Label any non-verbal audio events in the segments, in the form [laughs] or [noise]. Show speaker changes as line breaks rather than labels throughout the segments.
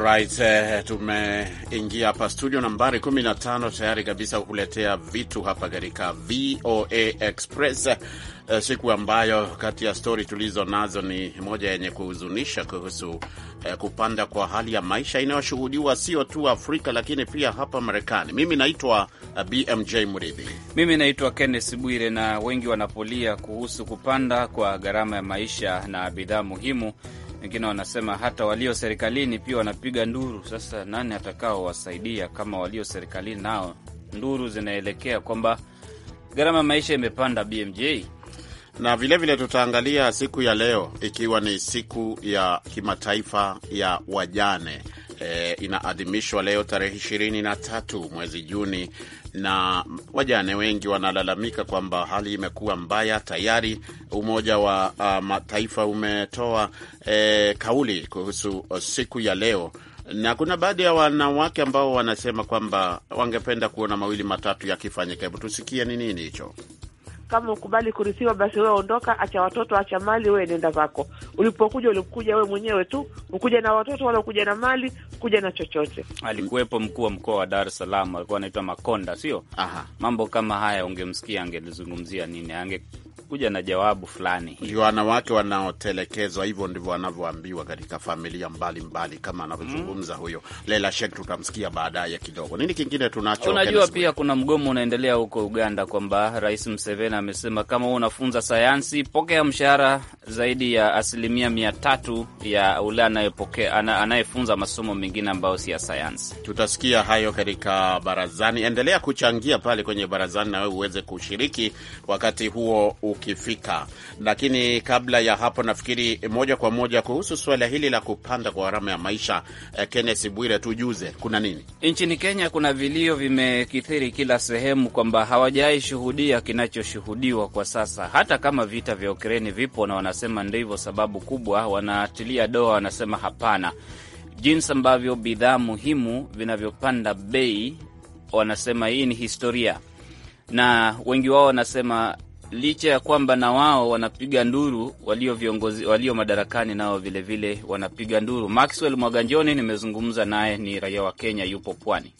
Alright, eh, tumeingia hapa studio nambari 15 tayari kabisa kukuletea vitu hapa katika VOA Express eh, siku ambayo kati ya stori tulizo nazo ni moja yenye kuhuzunisha kuhusu eh, kupanda kwa hali ya maisha inayoshuhudiwa sio tu Afrika lakini pia hapa Marekani. Mimi naitwa
eh, BMJ Mridhi. Mimi naitwa Kenneth Bwire, na wengi wanapolia kuhusu kupanda kwa gharama ya maisha na bidhaa muhimu wengine wanasema hata walio serikalini pia wanapiga nduru. Sasa nani atakao wasaidia kama walio serikalini nao nduru zinaelekea kwamba gharama maisha imepanda bmj na
vilevile tutaangalia siku ya leo ikiwa ni siku ya kimataifa ya wajane e, inaadhimishwa leo tarehe ishirini na tatu mwezi Juni, na wajane wengi wanalalamika kwamba hali imekuwa mbaya. Tayari Umoja wa uh, Mataifa umetoa e, kauli kuhusu siku ya leo na kuna baadhi ya wanawake ambao wanasema kwamba wangependa kuona mawili matatu yakifanyika. Hebu tusikie ni nini hicho.
Kama ukubali kurithiwa, basi wewe ondoka, acha watoto, acha mali, wewe nenda zako. Ulipokuja ulikuja wewe mwenyewe tu, ukuja na watoto wala ukuja na mali, kuja na chochote.
Alikuwepo mkuu wa mkoa wa Dar es Salaam, alikuwa anaitwa Makonda, sio? Aha, mambo kama haya ungemsikia, angelizungumzia nini? ange kuja na jawabu
fulani. Ndio wanawake wanaotelekezwa, hivyo ndivyo wanavyoambiwa katika familia mbalimbali mbali,
kama anavyozungumza mm, huyo Leila Sheikh, tutamsikia baadaye kidogo. Nini kingine tunacho? Unajua pia kuna mgomo unaendelea huko Uganda, kwamba Rais Museveni amesema kama wewe unafunza sayansi, pokea mshahara zaidi ya asilimia mia tatu ya ule anayepokea anayefunza masomo mengine ambayo si ya sayansi. Tutasikia hayo katika barazani. Endelea
kuchangia pale kwenye barazani nawe uweze kushiriki wakati huo ukifika. Lakini kabla ya hapo, nafikiri moja kwa moja kuhusu suala hili la kupanda kwa gharama ya
maisha, eh, Kenneth Bwire, tujuze kuna nini nchini Kenya? Kuna vilio vimekithiri kila sehemu kwamba hawajawai shuhudia kinachoshuhudiwa kwa sasa, hata kama vita vya Ukraini vipo na wana wanasema ndivyo sababu kubwa, wanatilia doa, wanasema hapana, jinsi ambavyo bidhaa muhimu vinavyopanda bei, wanasema hii ni historia, na wengi wao wanasema licha ya kwamba na wao wanapiga nduru, walio viongozi walio madarakani nao vilevile wanapiga nduru. Maxwell Mwaganjoni nimezungumza naye, ni raia wa Kenya, yupo pwani.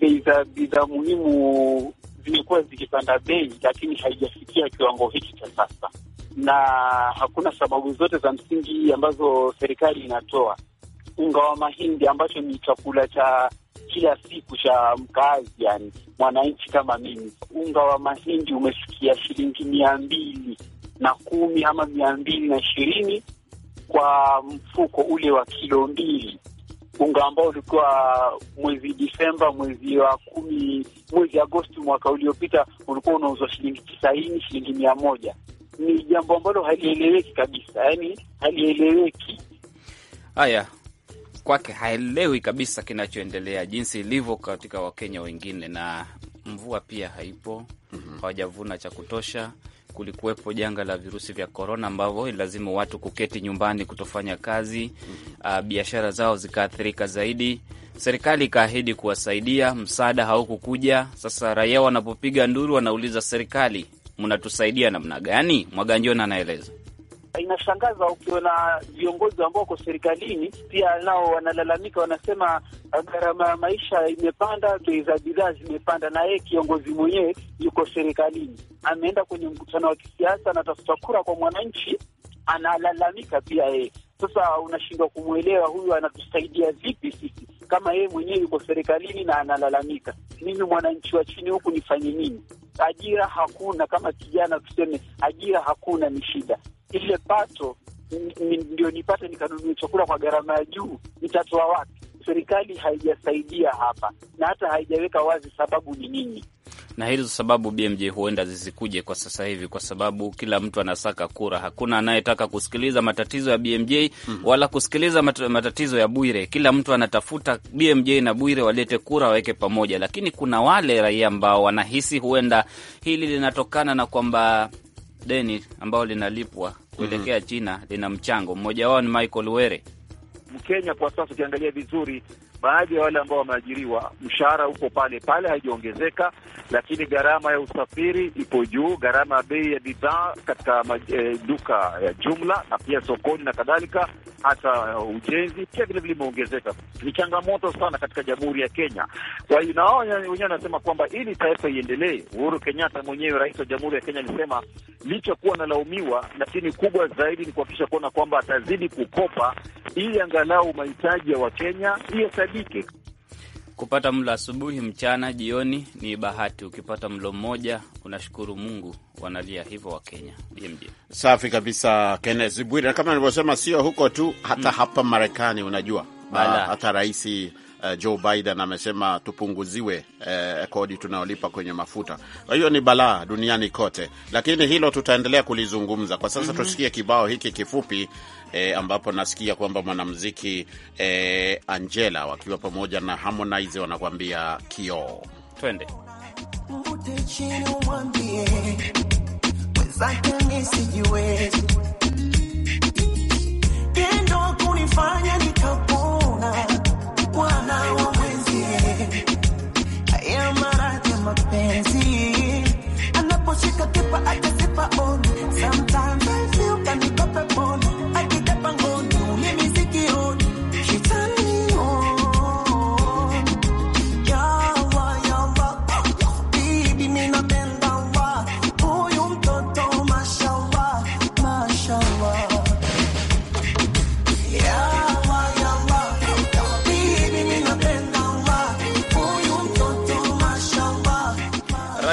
Bei za bidhaa muhimu zimekuwa zikipanda bei, lakini haijafikia kiwango hiki cha sasa na hakuna sababu zote za msingi ambazo serikali inatoa. Unga wa mahindi ambacho ni chakula cha kila siku cha mkaazi, yani mwananchi kama mimi, unga wa mahindi umefikia shilingi mia mbili na kumi ama mia mbili na ishirini kwa mfuko ule wa kilo mbili, unga ambao ulikuwa mwezi Disemba, mwezi wa kumi, mwezi Agosti mwaka uliopita ulikuwa unauzwa shilingi tisaini, shilingi mia moja ni jambo ambalo halieleweki kabisa, yaani halieleweki.
Haya kwake haelewi kabisa kinachoendelea, jinsi ilivyo katika Wakenya wengine, na mvua pia haipo, mhm. hawajavuna mm -hmm. cha kutosha kulikuwepo janga la virusi vya korona ambavyo lazima watu kuketi nyumbani kutofanya kazi mm -hmm. uh, biashara zao zikaathirika zaidi. Serikali ikaahidi kuwasaidia, msaada haukukuja. Sasa raia wanapopiga nduru, wanauliza serikali mnatusaidia namna gani? Mwaganjona anaeleza.
Inashangaza ukiona viongozi ambao wako serikalini pia nao wanalalamika, wanasema ah, gharama ya maisha imepanda, bei za bidhaa zimepanda, na yeye kiongozi mwenyewe yuko serikalini, ameenda kwenye mkutano wa kisiasa, anatafuta kura kwa mwananchi, analalamika pia yeye. Sasa unashindwa kumwelewa huyu anatusaidia vipi sisi? kama yeye mwenyewe yuko serikalini na analalamika, mimi mwananchi wa chini huku nifanye nini? Ajira hakuna, kama kijana tuseme ajira hakuna, ni shida. Ile pato ndio nipate nikanunua chakula kwa gharama ya juu, nitatoa wapi? Serikali haijasaidia hapa na hata haijaweka wazi sababu ni nini
na hizo sababu BMJ huenda zisikuje kwa sasa hivi, kwa sababu kila mtu anasaka kura. Hakuna anayetaka kusikiliza matatizo ya BMJ mm, wala kusikiliza mat matatizo ya Bwire. Kila mtu anatafuta BMJ na Bwire walete kura, waweke pamoja, lakini kuna wale raia ambao wanahisi huenda hili linatokana na kwamba deni ambao linalipwa kuelekea mhm. China lina mchango. Mmoja wao ni Michael Were,
Mkenya kwa sasa ukiangalia vizuri baadhi ya wale ambao wameajiriwa mshahara uko pale pale, haijaongezeka, lakini gharama ya usafiri ipo juu, gharama ya bei ya bidhaa katika e, duka ya jumla na pia sokoni na kadhalika, hata ujenzi pia vilevile imeongezeka. Ni changamoto sana katika Jamhuri ya Kenya. Kwa hiyo na wao wenyewe wanasema kwamba ili taifa iendelee, Uhuru Kenyatta mwenyewe, rais wa Jamhuri ya Kenya, alisema licha kuwa analaumiwa, lakini kubwa zaidi ni kuhakikisha kuona kwamba atazidi kukopa ili angalau mahitaji ya Wakenya hiyo kike.
Kupata mlo asubuhi, mchana, jioni ni bahati. Ukipata mlo mmoja unashukuru Mungu, wanalia hivyo Kenya.
Safi kabisa, Kennes Bwire. kama nilivyosema, sio huko tu, hata mm, hapa Marekani unajua, hata raisi uh, Joe Biden amesema tupunguziwe uh, kodi tunayolipa kwenye mafuta. Kwa hiyo ni balaa duniani kote, lakini hilo tutaendelea kulizungumza kwa sasa. mm -hmm. Tusikie kibao hiki kifupi eh, ambapo nasikia kwamba mwanamuziki eh, Angela wakiwa pamoja na Harmonize wanakuambia kioo. Twende
kunifanya nikapona na wa mwenzie, haya maradhi ya mapenzi, anaposhika kipa atasipa on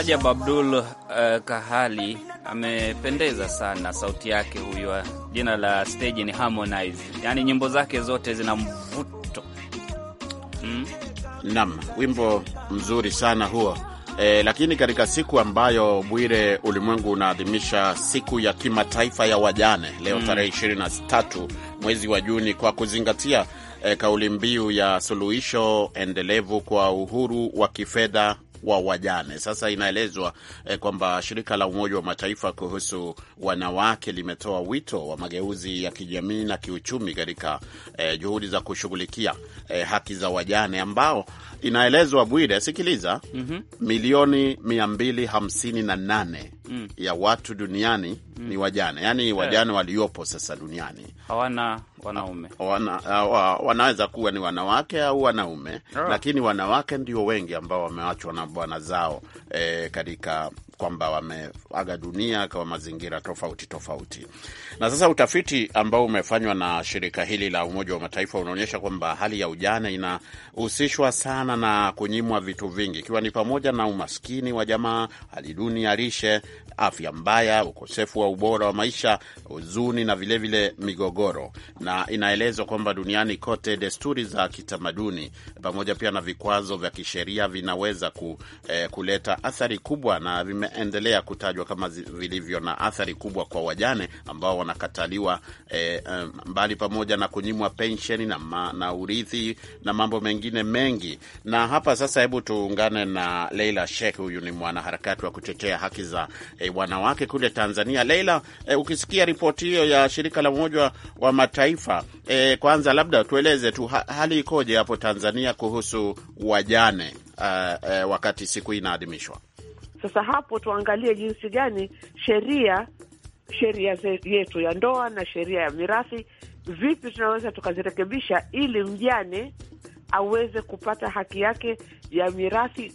Rajab Abdul uh, Kahali amependeza sana sauti yake huyo. Eh, jina la stage ni Harmonize, yaani nyimbo zake zote zina mvuto mm.
Nam, wimbo mzuri sana huo e, lakini katika siku ambayo Bwire, ulimwengu unaadhimisha siku ya kimataifa ya wajane leo mm. tarehe 23 mwezi wa Juni kwa kuzingatia e, kauli mbiu ya suluhisho endelevu kwa uhuru wa kifedha wa wajane. Sasa inaelezwa eh, kwamba shirika la Umoja wa Mataifa kuhusu wanawake limetoa wito wa mageuzi ya kijamii na kiuchumi katika eh, juhudi za kushughulikia eh, haki za wajane ambao inaelezwa Bwire, sikiliza, mm -hmm. milioni 258 mm. ya watu duniani mm. ni wajane, yaani eh. wajane yeah. waliopo sasa duniani hawana wanaume wana, uh, wanaweza kuwa ni wanawake au wanaume oh. Lakini wanawake ndio wengi ambao wameachwa na bwana zao e, katika kwamba wameaga dunia kwa mazingira tofauti tofauti. Na sasa utafiti ambao umefanywa na shirika hili la Umoja wa Mataifa unaonyesha kwamba hali ya ujana inahusishwa sana na kunyimwa vitu vingi, ikiwa ni pamoja na umaskini wa jamaa, hali duni ya lishe afya mbaya, ukosefu wa ubora wa maisha, huzuni na vilevile vile migogoro. Na inaelezwa kwamba duniani kote desturi za kitamaduni pamoja pia na vikwazo vya kisheria vinaweza ku, eh, kuleta athari kubwa, na vimeendelea kutajwa kama vilivyo na athari kubwa kwa wajane ambao wanakataliwa eh, mbali pamoja na kunyimwa pensheni na, na urithi na mambo mengine mengi. Na hapa sasa, hebu tuungane na Leila Sheikh. Huyu ni mwanaharakati wa kutetea haki za eh, e, wanawake kule Tanzania. Leila, e, ukisikia ripoti hiyo ya shirika la Umoja wa Mataifa, e, kwanza labda tueleze tu hali ikoje hapo Tanzania kuhusu wajane uh, e, wakati siku hii inaadhimishwa.
Sasa hapo tuangalie jinsi gani sheria sheria yetu ya ndoa na sheria ya mirathi, vipi tunaweza tukazirekebisha ili mjane aweze kupata haki yake ya mirathi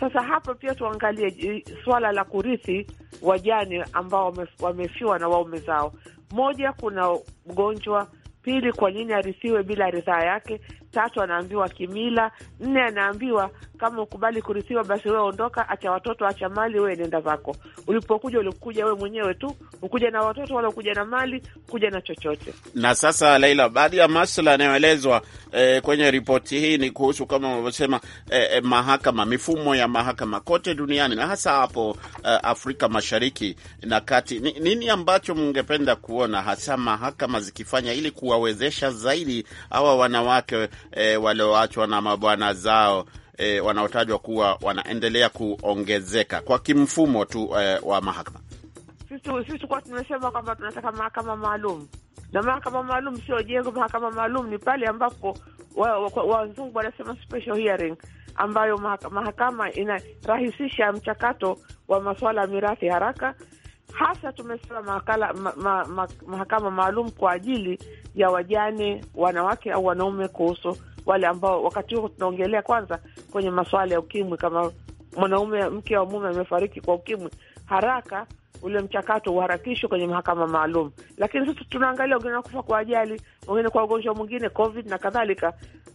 sasa hapa pia tuangalie eh, swala la kurithi wajane ambao wamefiwa na waume zao. Moja, kuna mgonjwa; pili, kwa nini arithiwe bila ridhaa yake? tatu anaambiwa kimila, nne anaambiwa kama ukubali kurithiwa, basi wewe ondoka, acha watoto, acha mali, wewe nenda zako. Ulipokuja ulikuja wewe mwenyewe tu, ukuja na watoto wala ukuja na mali, kuja na chochote.
Na sasa, Laila, baadhi ya masuala yanayoelezwa eh, kwenye ripoti hii ni kuhusu kama unavyosema, eh, eh, mahakama, mifumo ya mahakama kote duniani na hasa hapo eh, Afrika Mashariki na Kati. Ni, nini ambacho mngependa kuona hasa mahakama zikifanya ili kuwawezesha zaidi hawa wanawake e, walioachwa na mabwana zao e, wanaotajwa kuwa wanaendelea kuongezeka kwa kimfumo tu e, wa mahakama.
Sisi tukuwa tumesema kwamba tunataka mahakama maalum, na mahakama maalum sio jengo. Mahakama maalum ni pale ambapo wazungu wanasema special hearing ambayo mahakama inarahisisha mchakato wa masuala ya mirathi haraka hasa tumesema mahakama ma, ma, ma, mahakama maalum kwa ajili ya wajane wanawake au wanaume, kuhusu wale ambao wakati huo tunaongelea kwanza kwenye masuala ya ukimwi. Kama mwanaume mke wa mume amefariki kwa ukimwi, haraka ule mchakato uharakishwe kwenye mahakama maalum. Lakini sasa tunaangalia wengine wakufa kwa ajali, wengine kwa ugonjwa mwingine COVID na kadhalika.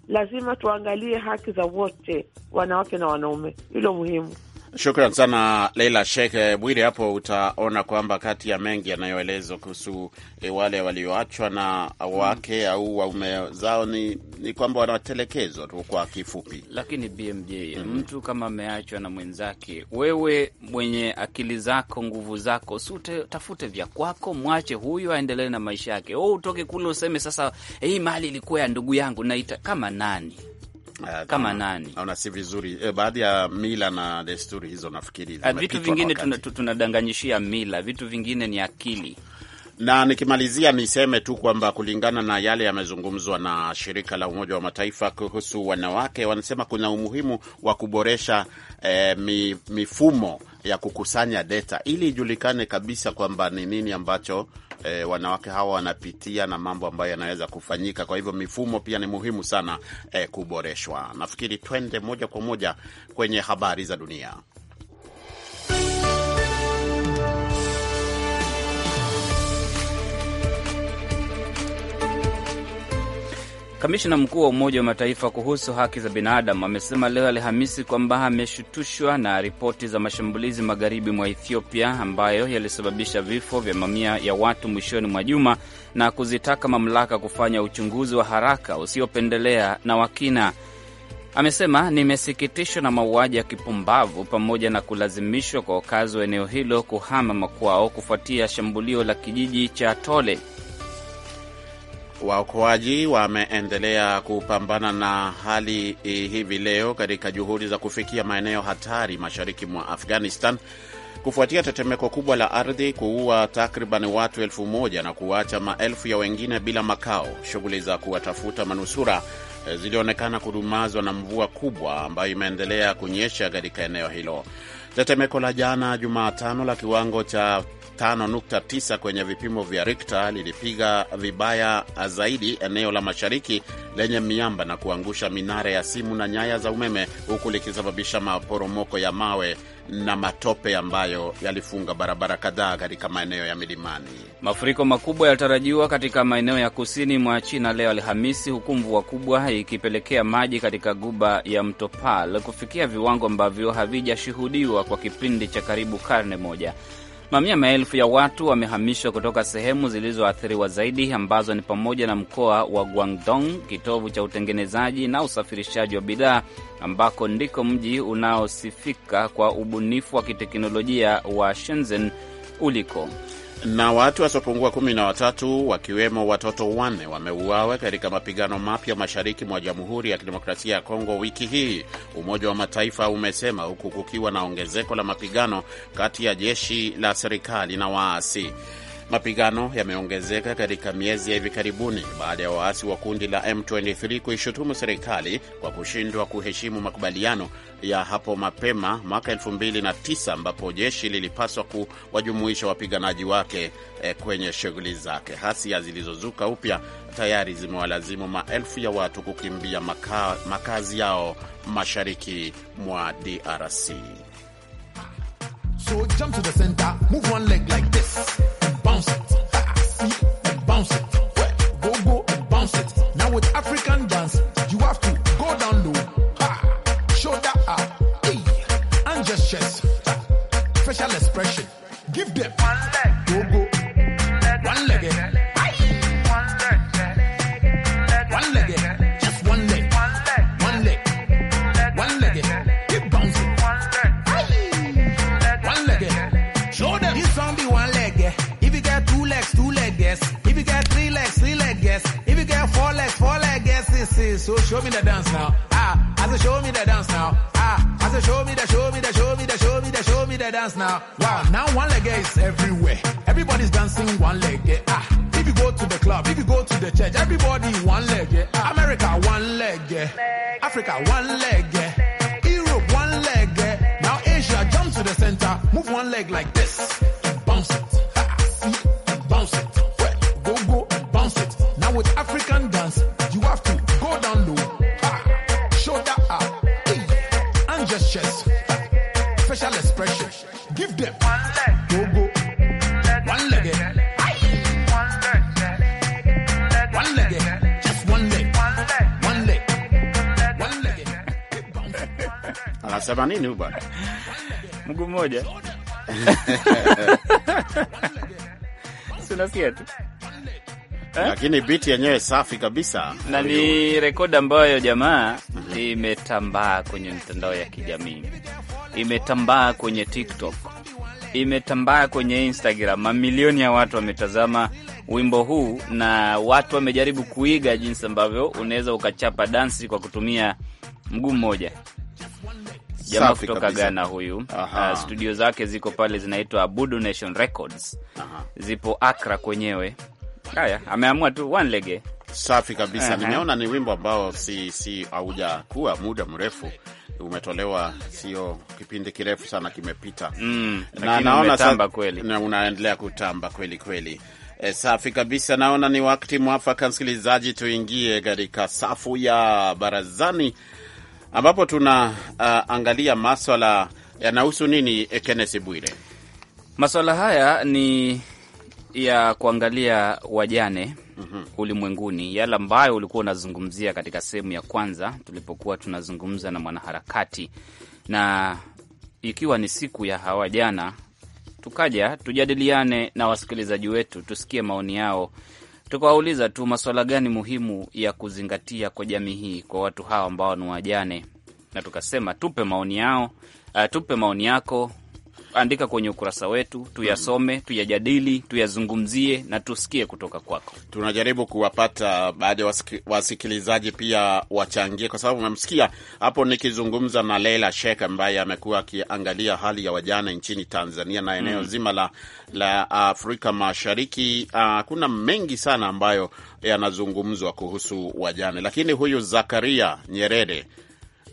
Lazima tuangalie haki za wote, wanawake na wanaume, hilo muhimu.
Shukran sana Leila Sheikh eh, Bwire. Hapo utaona kwamba kati ya mengi yanayoelezwa kuhusu eh, wale walioachwa na wake mm. au waume zao ni,
ni kwamba wanatelekezwa tu kwa kifupi. Lakini BMJ, mm-hmm. mtu kama ameachwa na mwenzake, wewe mwenye akili zako nguvu zako, si tafute vya kwako, mwache huyo aendelee na maisha yake. Oh, utoke kule useme sasa hii hey, mali ilikuwa ya ndugu yangu naita kama nani? Ah, kama nani
naona si vizuri e, baadhi ya mila na desturi hizo nafikiri ah, vitu vingine tunadanganyishia tuna mila, vitu vingine ni akili na nikimalizia niseme tu kwamba kulingana na yale yamezungumzwa na shirika la Umoja wa Mataifa kuhusu wanawake, wanasema kuna umuhimu wa kuboresha eh, mifumo ya kukusanya data ili ijulikane kabisa kwamba ni nini ambacho e, wanawake hawa wanapitia na mambo ambayo yanaweza kufanyika. Kwa hivyo mifumo pia ni muhimu sana e, kuboreshwa. Nafikiri twende moja kwa moja kwenye habari za dunia.
Kamishna mkuu wa Umoja wa Mataifa kuhusu haki za binadamu amesema leo Alhamisi kwamba ameshutushwa na ripoti za mashambulizi magharibi mwa Ethiopia ambayo yalisababisha vifo vya mamia ya watu mwishoni mwa juma na kuzitaka mamlaka kufanya uchunguzi wa haraka usiopendelea na wakina Amesema, nimesikitishwa na mauaji ya kipumbavu pamoja na kulazimishwa kwa wakazi wa eneo hilo kuhama makwao kufuatia shambulio la kijiji cha Tole Waokoaji wameendelea
kupambana na hali eh, hivi leo katika juhudi za kufikia maeneo hatari mashariki mwa Afghanistan kufuatia tetemeko kubwa la ardhi kuua takriban watu elfu moja na kuwaacha maelfu ya wengine bila makao. Shughuli za kuwatafuta manusura eh, zilionekana kudumazwa na mvua kubwa ambayo imeendelea kunyesha katika eneo hilo. Tetemeko la jana Jumatano la kiwango cha 5.9 kwenye vipimo vya Richter lilipiga vibaya zaidi eneo la mashariki lenye miamba na kuangusha minara ya simu na nyaya za umeme huku likisababisha maporomoko ya mawe na matope ambayo yalifunga barabara kadhaa katika maeneo ya milimani.
Mafuriko makubwa yalitarajiwa katika maeneo ya kusini mwa China leo Alhamisi, huku mvua kubwa ikipelekea maji katika guba ya mto Pal kufikia viwango ambavyo havijashuhudiwa kwa kipindi cha karibu karne moja. Mamia maelfu ya watu wamehamishwa kutoka sehemu zilizoathiriwa zaidi ambazo ni pamoja na mkoa wa Guangdong, kitovu cha utengenezaji na usafirishaji wa bidhaa, ambako ndiko mji unaosifika kwa ubunifu wa kiteknolojia wa Shenzhen uliko.
Na watu wasiopungua kumi na watatu wakiwemo watoto wanne wameuawa katika mapigano mapya mashariki mwa Jamhuri ya Kidemokrasia ya Kongo wiki hii, Umoja wa Mataifa umesema, huku kukiwa na ongezeko la mapigano kati ya jeshi la serikali na waasi. Mapigano yameongezeka katika miezi ya hivi karibuni baada ya waasi wa kundi la M23 kuishutumu serikali kwa kushindwa kuheshimu makubaliano ya hapo mapema mwaka 2009 ambapo jeshi lilipaswa kuwajumuisha wapiganaji wake eh, kwenye shughuli zake. Hasia zilizozuka upya tayari zimewalazimu maelfu ya watu kukimbia maka, makazi yao mashariki mwa DRC.
So jump to the center, move one leg like this. bounce it. I see it, bounce it.
leg,
Africa, one leg, Europe, one leg, Now Asia, jump to the center. Move one leg like this.
themanini huyu bwana
mguu mmoja [laughs] sinasikia tu
eh? Lakini biti yenyewe safi kabisa na ni
rekodi ambayo jamaa mhm. imetambaa kwenye mitandao ya kijamii, imetambaa kwenye TikTok, imetambaa kwenye Instagram. Mamilioni ya watu wametazama wimbo huu na watu wamejaribu kuiga jinsi ambavyo unaweza ukachapa dansi kwa kutumia mguu mmoja jamaa kutoka kabisa. Ghana huyu uh, studio zake ziko pale zinaitwa Abudu Nation Records. Aha. zipo Akra kwenyewe. Haya, ameamua tu one lege Safi kabisa. Uh -huh. Nimeona ni wimbo ambao
si si haujakuwa muda mrefu umetolewa, sio kipindi kirefu sana kimepita. Mm, na naona sa, na unaendelea kutamba kweli kweli. E, safi kabisa. Naona ni wakati mwafaka, msikilizaji, tuingie katika safu ya barazani ambapo tunaangalia uh, maswala
yanahusu nini, eh, Kenneth Bwire? Maswala haya ni ya kuangalia wajane mm -hmm. ulimwenguni, yale ambayo ulikuwa unazungumzia katika sehemu ya kwanza tulipokuwa tunazungumza na mwanaharakati, na ikiwa ni siku ya hawajana tukaja tujadiliane na wasikilizaji wetu, tusikie maoni yao tukawauliza tu maswala gani muhimu ya kuzingatia kwa jamii hii, kwa watu hawa ambao ni wajane, na tukasema tupe maoni yao, uh, tupe maoni yako andika kwenye ukurasa wetu, tuyasome, tuyajadili, tuyazungumzie na tusikie kutoka kwako. Tunajaribu kuwapata baadhi ya wasikilizaji pia
wachangie, kwa sababu umemsikia hapo nikizungumza na Leila Sheikh ambaye amekuwa akiangalia hali ya wajana nchini Tanzania na eneo mm. zima la, la Afrika Mashariki. Uh, kuna mengi sana ambayo yanazungumzwa kuhusu wajane, lakini huyu Zakaria Nyerere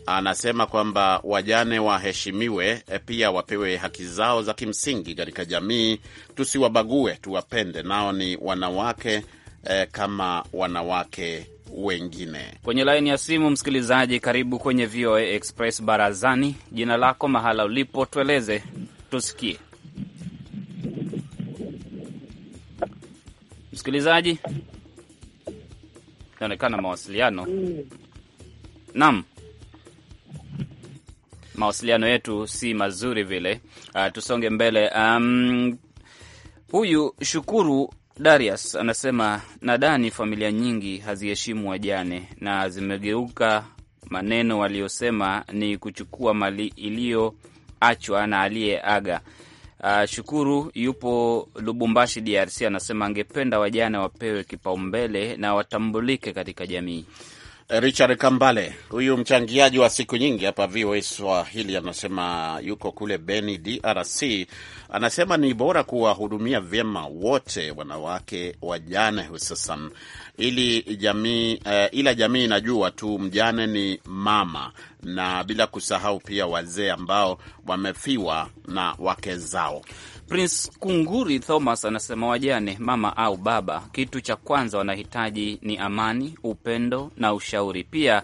anasema kwamba wajane waheshimiwe, e, pia wapewe haki zao za kimsingi katika jamii, tusiwabague, tuwapende. Nao
ni wanawake eh, kama wanawake wengine. Kwenye laini ya simu, msikilizaji, karibu kwenye VOA Express barazani. Jina lako, mahala ulipo, tueleze tusikie. Msikilizaji, inaonekana mawasiliano. Mm. Naam mawasiliano yetu si mazuri vile. Uh, tusonge mbele. Um, huyu Shukuru Darius anasema nadhani familia nyingi haziheshimu wajane na zimegeuka maneno waliosema ni kuchukua mali iliyoachwa na aliyeaga. Uh, Shukuru yupo Lubumbashi, DRC, anasema angependa wajane wapewe kipaumbele na watambulike katika jamii. Richard
Kambale, huyu mchangiaji wa siku nyingi hapa VOA Swahili, anasema yuko kule Beni, DRC. Anasema ni bora kuwahudumia vyema wote, wanawake, wajane hususan ili jamii uh, ila jamii inajua tu mjane ni mama, na bila kusahau pia wazee ambao
wamefiwa na wake zao. Prince Kunguri Thomas anasema wajane, mama au baba, kitu cha kwanza wanahitaji ni amani, upendo na ushauri. Pia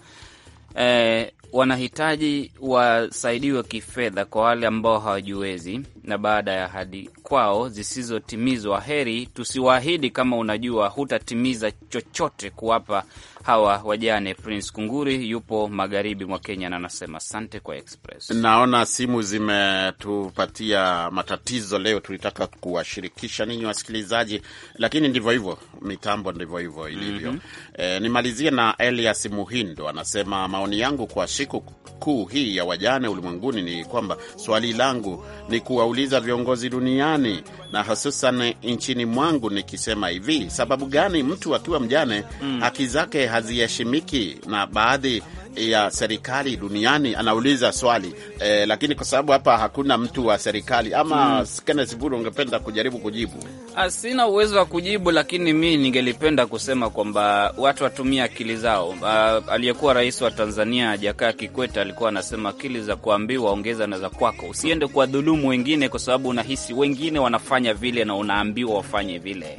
eh, wanahitaji wasaidiwe kifedha kwa wale ambao hawajiwezi, na baada ya hadi kwao zisizotimizwa, heri tusiwaahidi kama unajua hutatimiza chochote kuwapa hawa wajane. Prince Kunguri yupo magharibi mwa Kenya na anasema asante kwa Express.
Naona simu zimetupatia matatizo leo, tulitaka kuwashirikisha ninyi wasikilizaji, lakini ndivyo hivyo, mitambo ndivyo hivyo ilivyo. mm -hmm. E, nimalizie na Elias Muhindo anasema maoni yangu kwa siku kuu hii ya wajane ulimwenguni ni kwamba swali langu ni kuwauliza viongozi duniani na hususan nchini mwangu nikisema hivi, sababu gani mtu akiwa mjane mm. haki zake haziheshimiki na baadhi ya serikali duniani anauliza swali eh, lakini kwa sababu hapa hakuna mtu wa serikali ama mm. Kenneth Buru, ungependa kujaribu kujibu?
Ah, sina uwezo wa kujibu, lakini mi ningelipenda kusema kwamba watu watumia akili zao. Ah, aliyekuwa rais wa Tanzania Jakaya Kikwete alikuwa anasema akili za kuambiwa ongeza na za kwako, usiende kuwadhulumu dhulumu wengine kwa sababu unahisi wengine wanafanya vile na unaambiwa wafanye vile.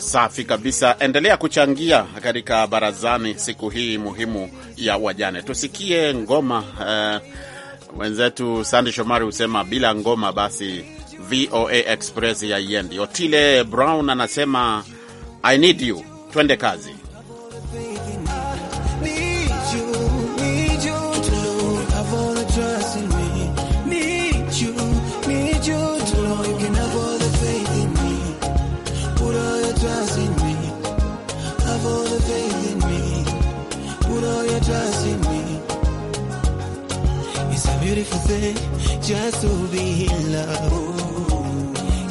Safi kabisa. Endelea kuchangia katika barazani siku hii muhimu
ya wajane. Tusikie ngoma mwenzetu. Eh, wenzetu Sandi Shomari husema bila ngoma basi VOA Express yaiendi Otile Brown anasema I need you, twende kazi.
just to be in love.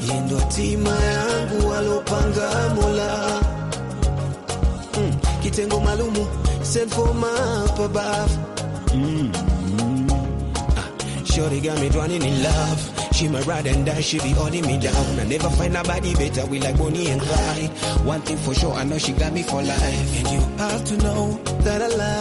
Yendo tima yangu alopanga Mola. Hmm, kitengo malumu send for my hmm. above. Ah, shorty got me drowning in love. She my ride and die, she be holding me down. I never find nobody better, we like Bonnie and Clyde. One thing for sure, I know she got me for life. And you have to know that I love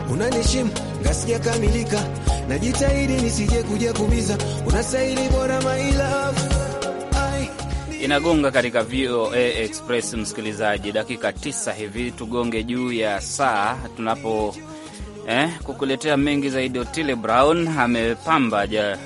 unanishimu ngasikia kamilika, najitahidi nisije kuja kumiza, unastahili bora my love
inagonga katika VOA Express, msikilizaji, dakika tisa hivi tugonge juu ya saa tunapo eh, kukuletea mengi zaidi. Otile Brown amepamba ja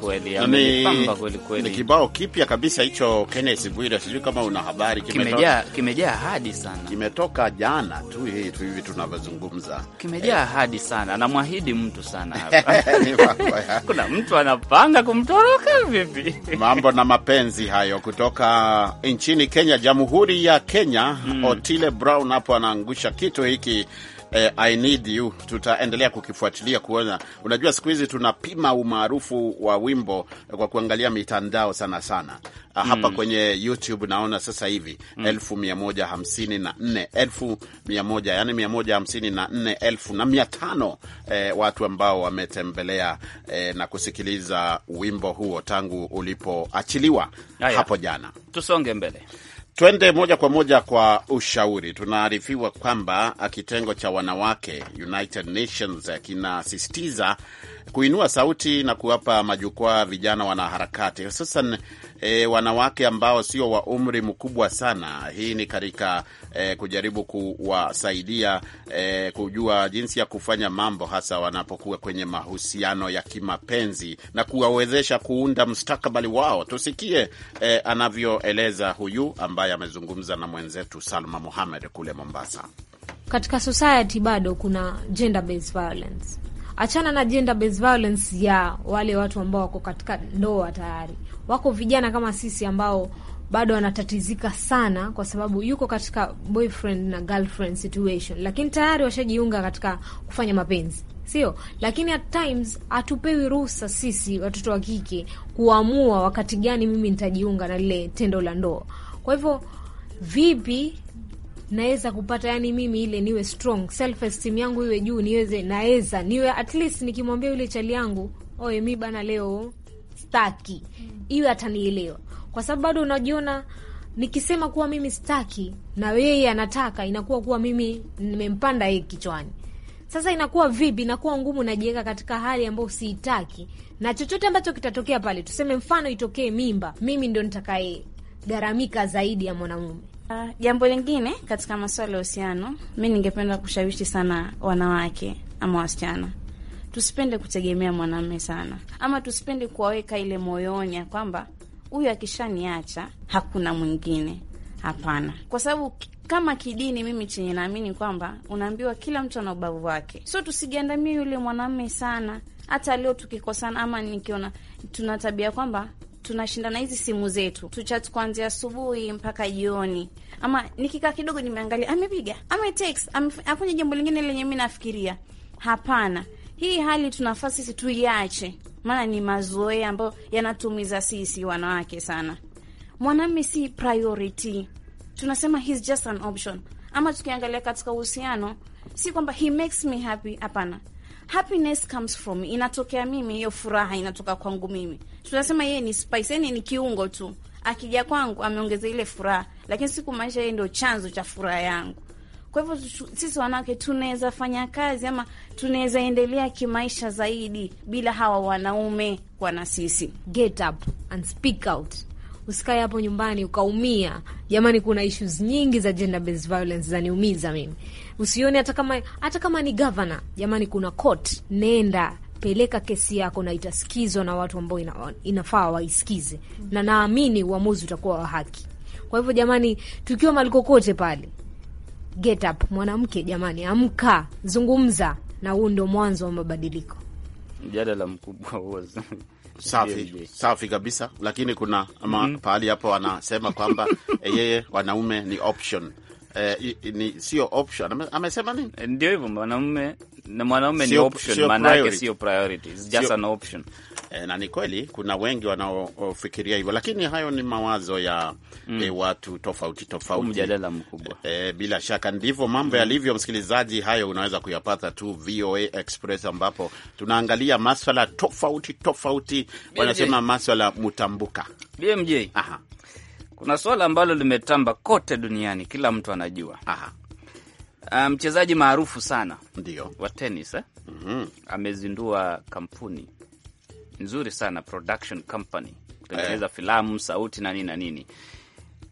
kweli amepamba kweli kweli. Ni kibao
kipya kabisa hicho, Kenneth Bwire, sijui kama una habari. Kimejaa kimejaa ahadi sana, kimetoka jana tu hii tu hivi tunavyozungumza, kimejaa eh. ahadi sana, anamwahidi mtu sana [laughs] hapa [laughs] kuna mtu anapanga kumtoroka vipi? mambo na mapenzi hayo, kutoka nchini Kenya, Jamhuri ya Kenya. Mm. Otile Brown hapo anaangusha kitu hiki eh, I need you. Tutaendelea kukifuatilia kuona. Unajua, siku hizi tunapima umaarufu wa wimbo eh, kwa kuangalia mitandao sana sana ah, hapa mm. kwenye YouTube naona sasa hivi mm. elfu mia moja hamsini na nne elfu mia moja yani mia moja hamsini na nne elfu na mia tano eh, watu ambao wametembelea eh, na kusikiliza wimbo huo tangu ulipoachiliwa hapo jana. Tusonge mbele. Twende moja kwa moja kwa ushauri. Tunaarifiwa kwamba kitengo cha wanawake United Nations kinasisitiza kuinua sauti na kuwapa majukwaa vijana wanaharakati, hususan e, wanawake ambao sio wa umri mkubwa sana. Hii ni katika e, kujaribu kuwasaidia e, kujua jinsi ya kufanya mambo, hasa wanapokuwa kwenye mahusiano ya kimapenzi na kuwawezesha kuunda mstakabali wao. Tusikie e, anavyoeleza huyu ambaye ambaye amezungumza na mwenzetu Salma muhamed kule Mombasa.
Katika society bado kuna gender based violence. Achana na gender based violence ya wale watu ambao wako katika ndoa tayari, wako vijana kama sisi ambao bado wanatatizika sana, kwa sababu yuko katika boyfriend na girlfriend situation, lakini tayari washajiunga katika kufanya mapenzi, sio? Lakini at times hatupewi ruhusa sisi watoto wa kike kuamua wakati gani mimi nitajiunga na lile tendo la ndoa. Kwa hivyo vipi naweza kupata yani, mimi ile niwe strong, self esteem yangu iwe juu, niweze naweza niwe at least nikimwambia yule chali yangu oye, mi bana, leo staki, iwe atanielewa, kwa sababu bado unajiona nikisema kuwa mimi staki na yeye anataka, inakuwa kuwa mimi nimempanda yeye kichwani. Sasa inakuwa vipi? Inakuwa ngumu, najiweka katika hali ambayo siitaki, na chochote ambacho kitatokea pale, tuseme mfano itokee mimba, mimi ndio nitakaye anagharamika zaidi ya mwanaume. Uh, jambo
lingine katika masuala ya uhusiano, mi ningependa kushawishi sana wanawake ama wasichana tusipende kutegemea mwanamume sana, ama tusipende kuwaweka ile moyoni ya kwamba huyu akishaniacha hakuna mwingine. Hapana, kwa sababu kama kidini, mimi chenye naamini kwamba unaambiwa kila mtu ana ubavu wake, so tusigandamie yule mwanaume sana. Hata leo tukikosana ama nikiona tuna tabia kwamba tunashindana hizi simu zetu, tuchat kuanzia asubuhi mpaka jioni, ama nikikaa kidogo nimeangalia amepiga, ametext, afanya jambo lingine lenye mi nafikiria. Hapana, hii hali tunafaa sisi tuiache, maana ni mazoea ambayo yanatumiza sisi wanawake sana. Mwanamme si priority, tunasema he's just an option. Ama tukiangalia katika uhusiano, si kwamba he makes me happy, hapana happiness comes from, inatokea mimi, hiyo furaha inatoka kwangu mimi. Tunasema yeye ni spice, yani ni kiungo tu, akija kwangu ameongeza ile furaha, lakini siku maisha yeye ndio chanzo cha furaha yangu. Kwa hivyo sisi wanawake tunaweza fanya kazi ama tunaweza
endelea kimaisha zaidi bila hawa wanaume kuwa na sisi. Get up and speak out. Usikae hapo nyumbani ukaumia. Jamani, kuna issues nyingi za gender based violence zaniumiza mimi. Usione hata kama hata kama ni gavana, jamani, kuna court, nenda peleka kesi yako na itasikizwa na watu ambao ina, inafaa waisikize, na naamini uamuzi utakuwa wa haki. Kwa hivyo jamani, tukiwa malikokote pale, get up mwanamke, jamani, amka, zungumza, na huu ndio mwanzo wa mabadiliko.
Mjadala mkubwa huo. [laughs] Safi, safi kabisa, lakini kuna mm -hmm. pahali hapo wanasema kwamba [laughs] eh, yeye wanaume ni option eh, ni sio option. Amesema nini? Eh, ndio hivyo, na mwanaume ni option, maana yake sio
priority, it's just an
option. Eh, na ni kweli kuna wengi wanaofikiria hivyo, lakini hayo ni mawazo ya mm. e, watu tofauti tofauti, mjadala mkubwa e, bila shaka ndivyo mambo mm. yalivyo mm. Msikilizaji, hayo unaweza kuyapata tu VOA Express, ambapo tunaangalia maswala tofauti tofauti, wanasema maswala mutambuka
BMJ. Aha kuna swala ambalo limetamba kote duniani, kila mtu anajua. Ah, mchezaji um, maarufu sana ndio wa tenis eh? mm -hmm. amezindua kampuni nzuri sana production company eh. kutengeneza filamu, sauti na nini na nini.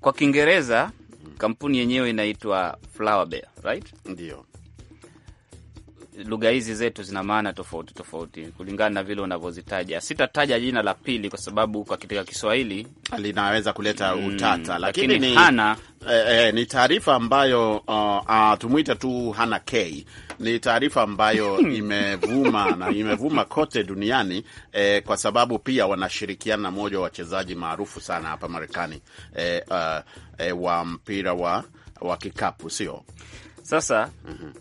Kwa Kiingereza mhm. kampuni yenyewe inaitwa Flower Bear, right? Ndio lugha hizi zetu zina maana tofauti tofauti kulingana na vile unavyozitaja. Sitataja jina la pili kwa sababu kwa katika Kiswahili linaweza kuleta mm, utata, mm, lakini ni, hana
e, e, ni taarifa ambayo uh, uh, ah, tumwita tu Hana K ni taarifa ambayo [laughs] hmm. imevuma na imevuma kote duniani e, kwa sababu pia wanashirikiana na mmoja wa wachezaji maarufu sana hapa Marekani e, uh, e, wa mpira wa, wa
kikapu sio sasa mm -hmm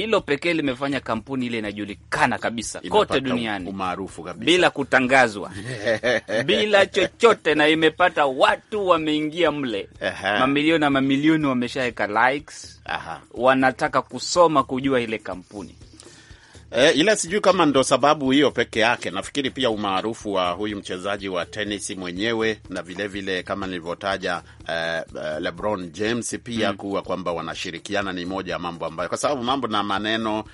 hilo pekee limefanya kampuni ile inajulikana kabisa kote duniani umaarufu kabisa, bila kutangazwa [laughs] bila chochote, na imepata watu wameingia mle mamilioni na mamilioni, wameshaweka likes, wanataka kusoma kujua ile kampuni E, ila
sijui kama ndo sababu hiyo peke yake. Nafikiri pia umaarufu wa huyu mchezaji wa tenis mwenyewe na vilevile vile kama nilivyotaja uh, LeBron James pia mm, kuwa kwamba wanashirikiana ni moja ya mambo ambayo, kwa sababu mambo na maneno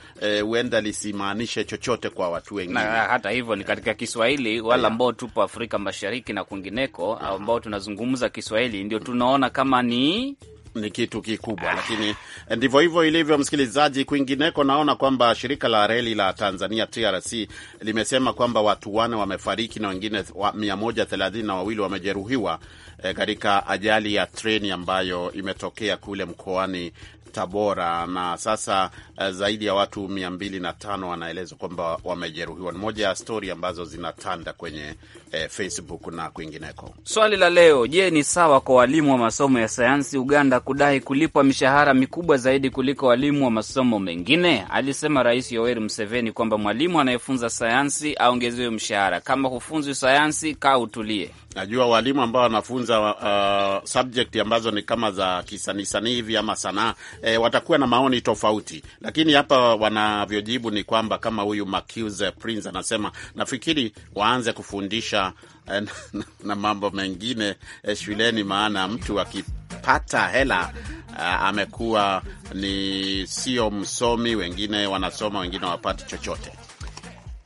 huenda uh, lisimaanishe chochote kwa watu wengine. Hata
hivyo ni katika Kiswahili, wala ambao tupo Afrika Mashariki na kwingineko ambao tunazungumza Kiswahili ndio hmm. tunaona kama ni ni kitu kikubwa,
lakini eh, ndivyo hivyo ilivyo, msikilizaji. Kwingineko naona kwamba shirika la reli la Tanzania TRC limesema kwamba watu wane wamefariki na wengine mia moja thelathini na wawili wamejeruhiwa eh, katika ajali ya treni ambayo imetokea kule mkoani Tabora na sasa uh, zaidi ya watu mia mbili na tano wanaelezwa kwamba wamejeruhiwa. Ni moja ya stori ambazo zinatanda kwenye eh, Facebook na kwingineko.
Swali la leo, je, ni sawa kwa walimu wa masomo ya sayansi Uganda kudai kulipwa mishahara mikubwa zaidi kuliko walimu wa masomo mengine? Alisema Rais Yoweri Museveni kwamba mwalimu anayefunza sayansi aongezewe mshahara, kama hufunzwi sayansi, kaa utulie.
Najua walimu ambao wanafunza uh, subject ambazo ni kama za kisanisanii hivi ama sanaa e, watakuwa na maoni tofauti, lakini hapa wanavyojibu ni kwamba kama huyu Macuse Prince anasema, nafikiri waanze kufundisha eh, [laughs] na mambo mengine eh, shuleni, maana mtu akipata hela uh, amekuwa ni sio msomi. Wengine wanasoma, wengine hawapati chochote.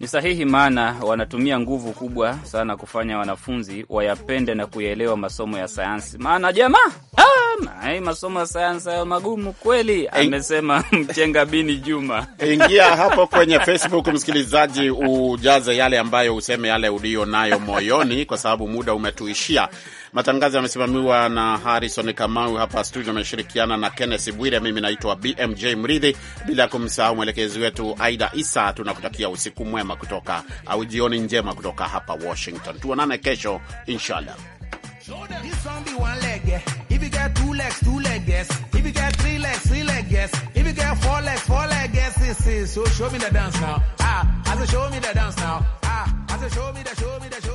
Ni sahihi, maana wanatumia nguvu kubwa sana kufanya wanafunzi wayapende na kuyaelewa masomo ya sayansi, maana jamaa hai, eh, masomo ya sayansi hayo magumu kweli, amesema [laughs] mchenga bini Juma. Ingia [laughs] hapo kwenye Facebook
msikilizaji, ujaze yale ambayo, useme yale uliyo nayo moyoni, kwa sababu muda umetuishia. Matangazo yamesimamiwa na Harrison Kamau, hapa studio ameshirikiana na Kenneth Bwire. Mimi naitwa BMJ Mridhi, bila kumsahau mwelekezi wetu Aida Isa. Tunakutakia usiku mwema kutoka au jioni njema kutoka hapa Washington. Tuonane kesho inshallah.
legs, two leg yes. If you get three legs, three leg yes. If you get four legs, four leg yes. This is so show me the dance now. Ah, I say show me the dance now. Ah, I say show me the show me the show.